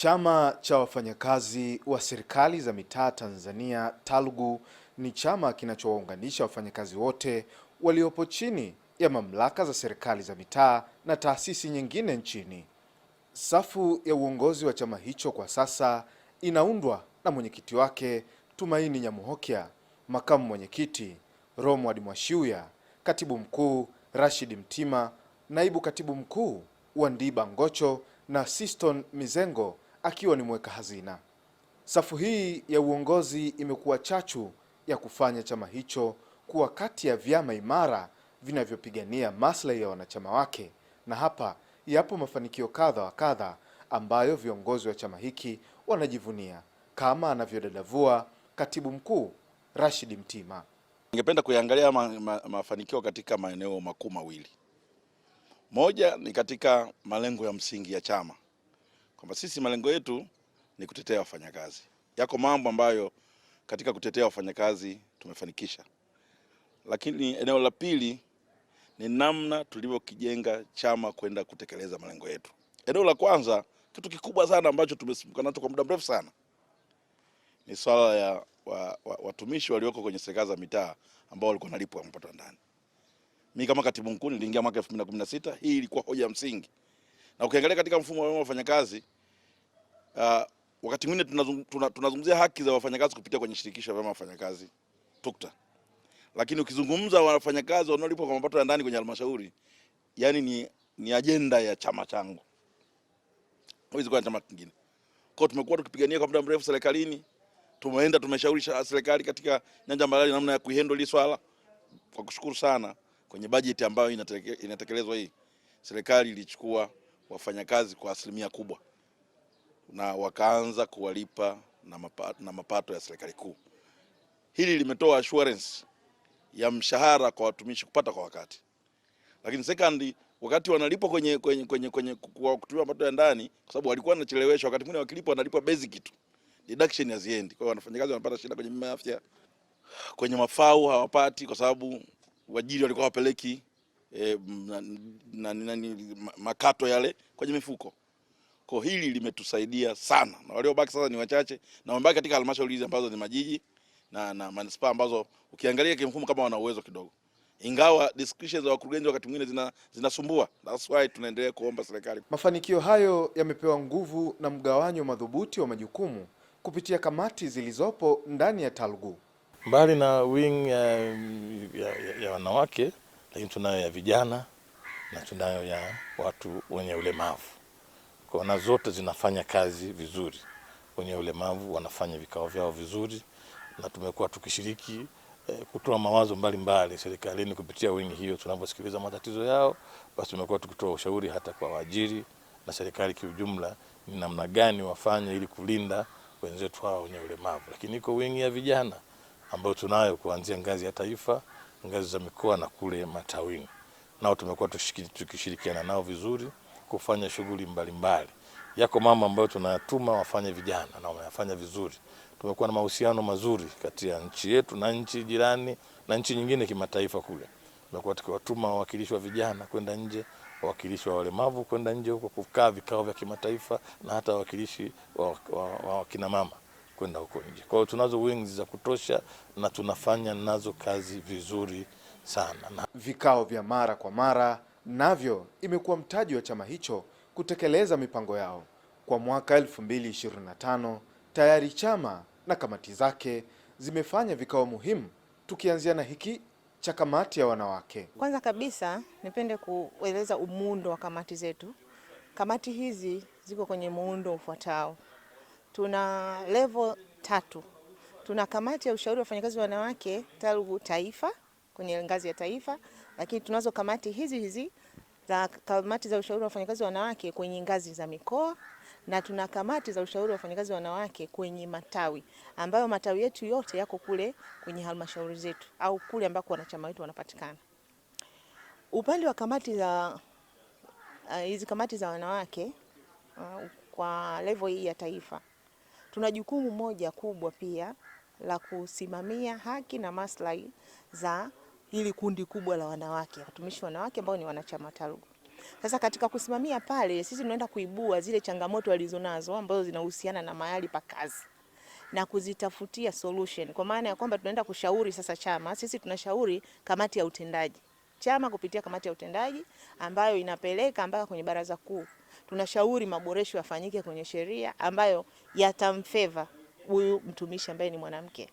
Chama cha wafanyakazi wa serikali za mitaa Tanzania TALGWU ni chama kinachowaunganisha wafanyakazi wote waliopo chini ya mamlaka za serikali za mitaa na taasisi nyingine nchini. Safu ya uongozi wa chama hicho kwa sasa inaundwa na mwenyekiti wake Tumaini Nyamuhokya, makamu mwenyekiti Romward Mwashiuya, katibu mkuu Rashid Mtima, naibu katibu mkuu Wandiba Ngocho na Siston Mizengo akiwa ni mweka hazina. Safu hii ya uongozi imekuwa chachu ya kufanya chama hicho kuwa kati ya vyama imara vinavyopigania maslahi ya wanachama wake, na hapa yapo mafanikio kadha wa kadha ambayo viongozi wa chama hiki wanajivunia, kama anavyodadavua katibu mkuu Rashid Mtima. Ningependa kuyaangalia ma, ma, mafanikio katika maeneo makuu mawili. Moja ni katika malengo ya msingi ya chama kwamba sisi malengo yetu ni kutetea wafanyakazi. Yako mambo ambayo katika kutetea wafanyakazi tumefanikisha, lakini eneo la pili ni namna tulivyokijenga chama kwenda kutekeleza malengo yetu. Eneo la kwanza, kitu kikubwa sana ambacho tumesimuka nacho kwa muda mrefu sana ni swala ya wa, wa, watumishi walioko kwenye serikali za mitaa ambao walikuwa nalipwa mapato ndani. Mimi kama katibu mkuu niliingia mwaka 2016, hii ilikuwa hoja msingi. Na ukiangalia katika mfumo wa wafanyakazi uh, wakati mwingine tunazungumzia tuna, tuna haki za wafanyakazi kupitia kwenye shirikisho la vyama wafanyakazi TUCTA, lakini ukizungumza wafanyakazi wanaolipwa kwa mapato ya ndani kwenye halmashauri, yani ni, ni ajenda ya chama changu, hawezi kuwa chama kingine. Kwa tumekuwa tukipigania kwa muda mrefu serikalini, tumeenda tumeshauri serikali katika nyanja mbalimbali namna ya kuhandle hili swala. Kwa kushukuru sana, kwenye bajeti ambayo inatekelezwa hii serikali ilichukua wafanyakazi kwa asilimia kubwa na wakaanza kuwalipa na mapa, na mapato ya serikali kuu. Hili limetoa assurance ya mshahara kwa watumishi kupata kwa wakati, lakini second, wakati wanalipwa kwenye, kwenye, kwenye, kwenye kwa kutumia mapato ya ndani, kwa sababu walikuwa wanacheleweshwa. Wakati mwingine wakilipwa wanalipwa basic tu, deduction haziendi. Kwa hiyo wanafanyakazi wanapata shida kwenye bima ya afya, kwenye mafao hawapati, kwa sababu wajiri walikuwa wapeleki e, na, na, na, na, makato yale kwenye mifuko. Kwa hili limetusaidia sana, na waliobaki sasa ni wachache na wamebaki katika halmashauri hizi ambazo ni majiji na, na manispaa ambazo ukiangalia kimfumo kama wana uwezo kidogo, ingawa discretion za wakurugenzi wakati mwingine zina, zinasumbua. That's why tunaendelea kuomba serikali. Mafanikio hayo yamepewa nguvu na mgawanyo madhubuti wa majukumu kupitia kamati zilizopo ndani ya TALGWU. Mbali na wing ya, ya, ya, ya wanawake lakini tunayo ya vijana na tunayo ya watu wenye ulemavu. Kwa na zote zinafanya kazi vizuri. Wenye ulemavu wanafanya vikao vyao vizuri, na tumekuwa tukishiriki eh, kutoa mawazo mbalimbali serikalini kupitia wingi hiyo. Tunaposikiliza matatizo yao, basi tumekuwa tukitoa ushauri hata kwa waajiri na serikali kiujumla, ni namna gani wafanye ili kulinda wenzetu hao wenye ulemavu. Lakini iko wingi ya vijana ambayo tunayo kuanzia ngazi ya taifa ngazi za mikoa na kule matawini, nao tumekuwa tukishirikiana nao vizuri kufanya shughuli mbalimbali. Yako mama ambayo tunayatuma wafanye vijana na wanayafanya vizuri. Tumekuwa na mahusiano mazuri kati ya nchi yetu na nchi jirani na nchi nyingine kimataifa. Kule tumekuwa tukiwatuma wawakilishi wa vijana kwenda nje, wawakilishi wa walemavu kwenda nje huko kukaa vikao vya kimataifa, na hata wawakilishi wa, wa, wa, wa kina mama kwenda huko nje. Kwa hiyo tunazo wings za kutosha na tunafanya nazo kazi vizuri sana na... vikao vya mara kwa mara navyo imekuwa mtaji wa chama hicho kutekeleza mipango yao. Kwa mwaka 2025 tayari chama na kamati zake zimefanya vikao muhimu, tukianzia na hiki cha kamati ya wanawake. Kwanza kabisa nipende kueleza umuundo wa kamati zetu. Kamati hizi ziko kwenye muundo ufuatao tuna level tatu. Tuna kamati ya ushauri wa wafanyakazi wanawake TALGWU taifa kwenye ngazi ya taifa, lakini tunazo kamati hizi hizi za kamati za ushauri wa wafanyakazi wanawake kwenye ngazi za mikoa na tuna kamati za ushauri wa wafanyakazi wanawake kwenye matawi ambayo matawi yetu yote yako kule kwenye halmashauri zetu au kule ambako wanachama wetu wanapatikana. Upande wa kamati za eh, hizi uh, kamati za wanawake uh, kwa level hii ya taifa Tuna jukumu moja kubwa pia la kusimamia haki na maslahi za hili kundi kubwa la wanawake, watumishi wanawake ambao ni wanachama TALGWU. Sasa katika kusimamia pale, sisi tunaenda kuibua zile changamoto walizonazo ambazo zinahusiana na mahali pa kazi na kuzitafutia solution, kwa maana ya kwamba tunaenda kushauri sasa chama. Sisi tunashauri kamati ya utendaji chama kupitia kamati ya utendaji ambayo inapeleka mpaka kwenye baraza kuu tunashauri maboresho yafanyike kwenye sheria ambayo yatamfeva huyu mtumishi ambaye ni mwanamke.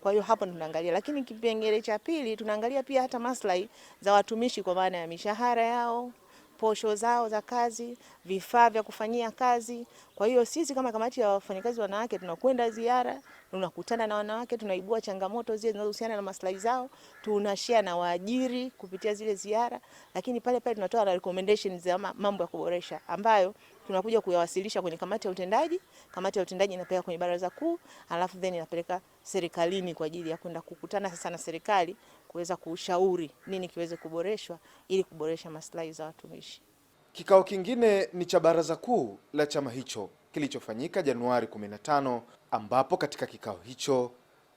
Kwa hiyo hapo tunaangalia, lakini kipengele cha pili tunaangalia pia hata maslahi za watumishi kwa maana ya mishahara yao posho zao za kazi, vifaa vya kufanyia kazi. Kwa hiyo sisi kama kamati ya wafanyakazi wanawake tunakwenda ziara, tunakutana na wanawake, tunaibua changamoto zile zinazohusiana na maslahi zao, tunashare na waajiri kupitia zile ziara, lakini pale pale tunatoa recommendations za mambo ya kuboresha ambayo tunakuja kuyawasilisha kwenye kamati ya utendaji. Kamati ya utendaji inapeleka kwenye baraza kuu, alafu then inapeleka serikalini kwa ajili ya kwenda kukutana sasa na serikali kuweza kuushauri nini kiweze kuboreshwa ili kuboresha maslahi za watumishi. Kikao kingine ni cha baraza kuu la chama hicho kilichofanyika Januari 15 ambapo katika kikao hicho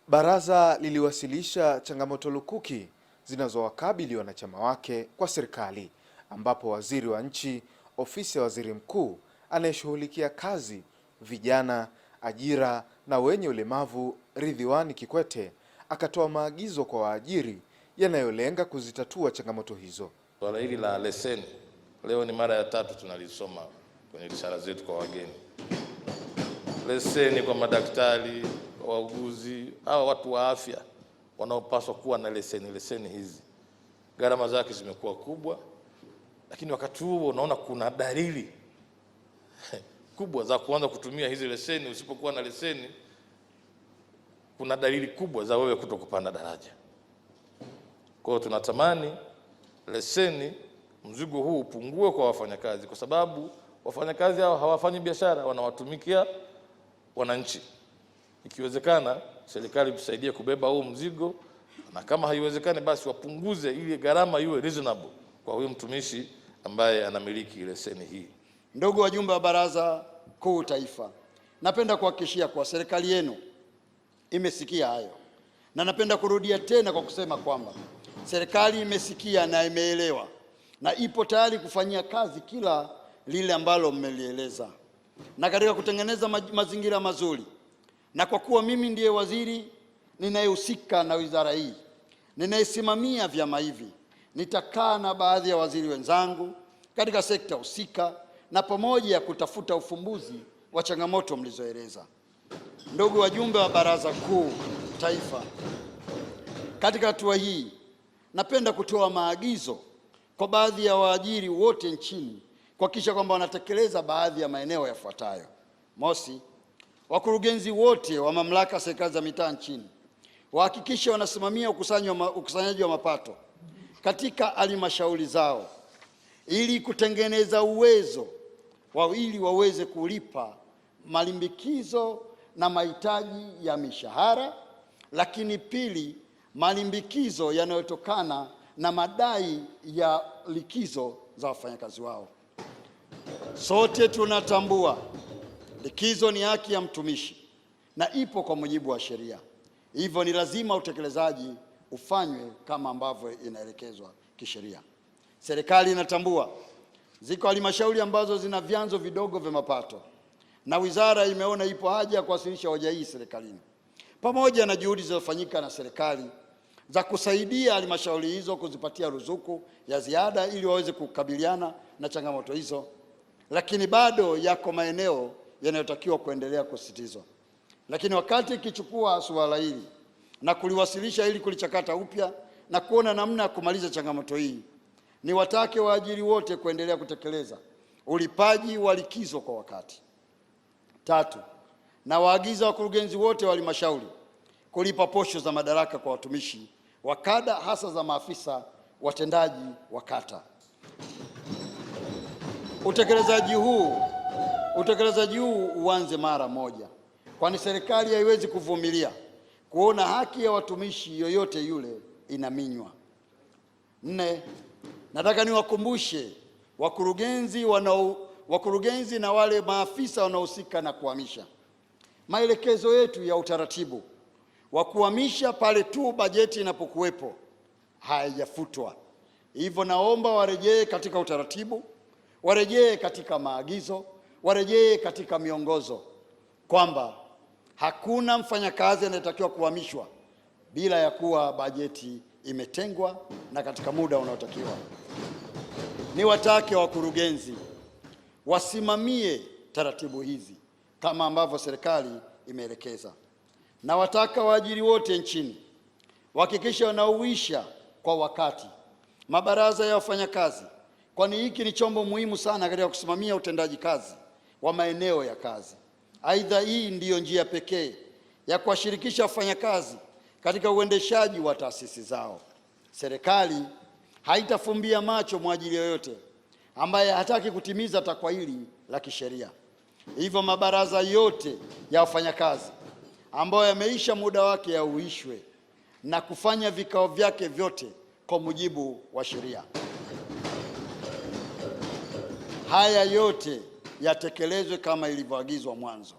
baraza liliwasilisha changamoto lukuki zinazowakabili wanachama wake kwa serikali, ambapo waziri wa nchi, ofisi ya waziri mkuu anayeshughulikia kazi, vijana, ajira na wenye ulemavu Ridhiwani Kikwete akatoa maagizo kwa waajiri yanayolenga kuzitatua changamoto hizo. Swala hili la leseni leo ni mara ya tatu tunalisoma kwenye ishara zetu kwa wageni, leseni kwa madaktari, wauguzi, hawa watu wa afya wanaopaswa kuwa na leseni. Leseni hizi gharama zake zimekuwa kubwa, lakini wakati huo unaona kuna dalili kubwa za kuanza kutumia hizi leseni. Usipokuwa na leseni kuna dalili kubwa za wewe kuto kupanda daraja. Kwa hiyo tunatamani leseni, mzigo huu upungue kwa wafanyakazi, kwa sababu wafanyakazi hao hawafanyi biashara, wanawatumikia wananchi. Ikiwezekana serikali tusaidie kubeba huu mzigo, na kama haiwezekani, basi wapunguze ili gharama iwe reasonable kwa huyo mtumishi ambaye anamiliki leseni hii. Ndugu wajumbe wa Baraza Kuu Taifa, napenda kuhakikishia kuwa serikali yenu imesikia hayo, na napenda kurudia tena kwa kusema kwamba serikali imesikia na imeelewa na ipo tayari kufanyia kazi kila lile ambalo mmelieleza, na katika kutengeneza mazingira mazuri. Na kwa kuwa mimi ndiye waziri ninayehusika na wizara hii, ninayesimamia vyama hivi, nitakaa na baadhi ya waziri wenzangu katika sekta husika na pamoja kutafuta ufumbuzi wa changamoto mlizoeleza. Ndugu wajumbe wa Baraza Kuu Taifa, katika hatua hii napenda kutoa maagizo kwa baadhi ya waajiri wote nchini kuhakikisha kwamba wanatekeleza baadhi ya maeneo yafuatayo. Mosi, wakurugenzi wote wa mamlaka serikali za mitaa nchini wahakikishe wanasimamia ukusanyaji wa mapato katika halmashauri zao ili kutengeneza uwezo wa ili waweze kulipa malimbikizo na mahitaji ya mishahara, lakini pili, malimbikizo yanayotokana na madai ya likizo za wafanyakazi wao. Sote tunatambua likizo ni haki ya mtumishi na ipo kwa mujibu wa sheria, hivyo ni lazima utekelezaji ufanywe kama ambavyo inaelekezwa kisheria. Serikali inatambua ziko halmashauri ambazo zina vyanzo vidogo vya mapato na wizara imeona ipo haja ya kuwasilisha hoja hii serikalini. Pamoja na juhudi zilizofanyika na serikali za kusaidia halmashauri hizo kuzipatia ruzuku ya ziada ili waweze kukabiliana na changamoto hizo, lakini bado yako maeneo yanayotakiwa kuendelea kusisitizwa. Lakini wakati ikichukua suala hili na kuliwasilisha ili kulichakata upya na kuona namna ya kumaliza changamoto hii, ni watake waajiri wote kuendelea kutekeleza ulipaji wa likizo kwa wakati. Tatu, na waagiza wakurugenzi wote wa halmashauri kulipa posho za madaraka kwa watumishi wa kada hasa za maafisa watendaji wa kata. Utekelezaji huu utekelezaji huu uanze mara moja, kwani serikali haiwezi kuvumilia kuona haki ya watumishi yoyote yule inaminywa. Nne, nataka niwakumbushe wakurugenzi wanao wakurugenzi na wale maafisa wanaohusika na kuhamisha. Maelekezo yetu ya utaratibu wa kuhamisha pale tu bajeti inapokuwepo haijafutwa, hivyo naomba warejee katika utaratibu, warejee katika maagizo, warejee katika miongozo kwamba hakuna mfanyakazi anayetakiwa kuhamishwa bila ya kuwa bajeti imetengwa na katika muda unaotakiwa. Niwatake wakurugenzi wasimamie taratibu hizi kama ambavyo serikali imeelekeza. Na wataka waajiri wote nchini wahakikisha wanauisha kwa wakati mabaraza ya wafanyakazi, kwani hiki ni chombo muhimu sana katika kusimamia utendaji kazi wa maeneo ya kazi. Aidha, hii ndiyo njia pekee ya kuwashirikisha wafanyakazi katika uendeshaji wa taasisi zao. Serikali haitafumbia macho mwajiri yoyote ambaye hataki kutimiza takwa hili la kisheria. Hivyo mabaraza yote ya wafanyakazi ambayo yameisha muda wake yauishwe na kufanya vikao vyake vyote kwa mujibu wa sheria. Haya yote yatekelezwe kama ilivyoagizwa mwanzo.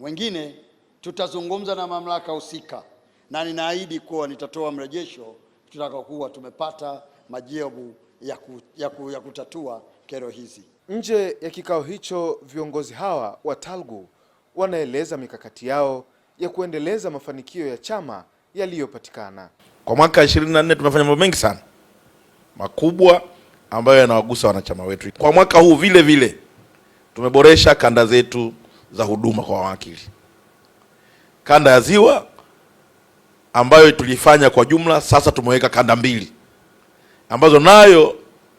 Wengine tutazungumza na mamlaka husika, na ninaahidi kuwa nitatoa mrejesho tutakokuwa tumepata majibu ya, ku, ya, ku, ya kutatua kero hizi. Nje ya kikao hicho, viongozi hawa wa talgu wanaeleza mikakati yao ya kuendeleza mafanikio ya chama yaliyopatikana kwa mwaka 24. Tumefanya mambo mengi sana makubwa ambayo yanawagusa wanachama wetu. Kwa mwaka huu vile vile tumeboresha kanda zetu za huduma kwa wawakili, kanda ya Ziwa ambayo tulifanya kwa jumla, sasa tumeweka kanda mbili ambazo nayo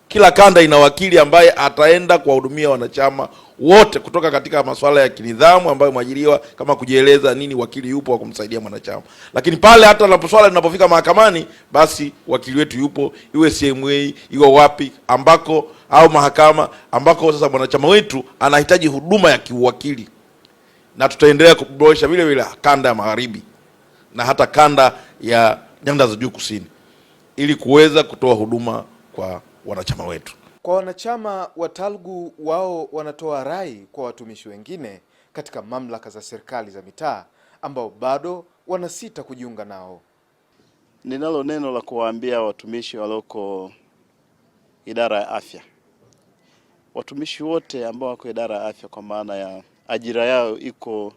kila kanda ina wakili ambaye ataenda kuwahudumia wanachama wote kutoka katika masuala ya kinidhamu ambayo mwajiriwa kama kujieleza nini, wakili yupo wa kumsaidia mwanachama. Lakini pale hata na swala linapofika mahakamani, basi wakili wetu yupo, iwe CMA iwe wapi ambako, au mahakama ambako sasa mwanachama wetu anahitaji huduma ya kiuwakili, na tutaendelea kuboresha vile vile kanda ya magharibi na hata kanda ya nyanda za juu kusini ili kuweza kutoa huduma kwa wanachama wetu. Kwa wanachama wa Talgu, wao wanatoa rai kwa watumishi wengine katika mamlaka za serikali za mitaa ambao bado wanasita kujiunga nao. Ninalo neno la kuwaambia watumishi walioko idara ya afya, watumishi wote ambao wako idara ya afya, kwa maana ya ajira yao iko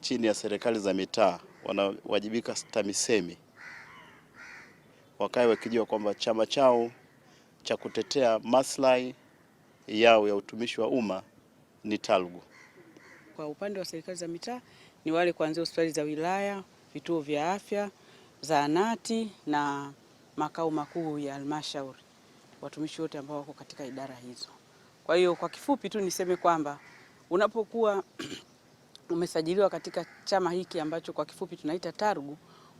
chini ya serikali za mitaa, wanawajibika TAMISEMI wakae wakijua kwamba chama chao cha kutetea maslahi yao ya utumishi wa umma ni TALGWU. Kwa upande wa serikali za mitaa ni wale kuanzia hospitali za wilaya, vituo vya afya, zahanati na makao makuu ya halmashauri, watumishi wote ambao wako katika idara hizo. Kwa hiyo kwa kifupi tu niseme kwamba unapokuwa umesajiliwa katika chama hiki ambacho kwa kifupi tunaita TALGWU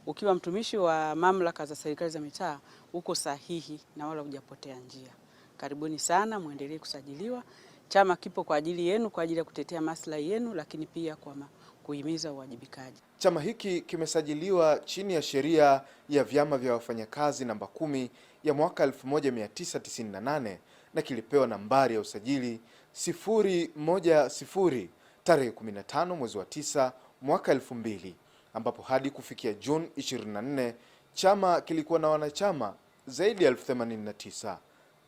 ukiwa mtumishi wa mamlaka za serikali za mitaa uko sahihi na wala hujapotea njia. Karibuni sana, muendelee kusajiliwa. Chama kipo kwa ajili yenu, kwa ajili ya kutetea maslahi yenu, lakini pia kwa kuhimiza uwajibikaji. Chama hiki kimesajiliwa chini ya sheria ya vyama vya wafanyakazi namba kumi ya mwaka 1998 na kilipewa nambari ya usajili 010 tarehe 15 mwezi wa 9 mwaka 2000 ambapo hadi kufikia Juni 24 chama kilikuwa na wanachama zaidi ya elfu themanini na tisa.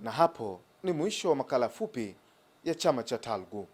Na hapo ni mwisho wa makala fupi ya chama cha talgu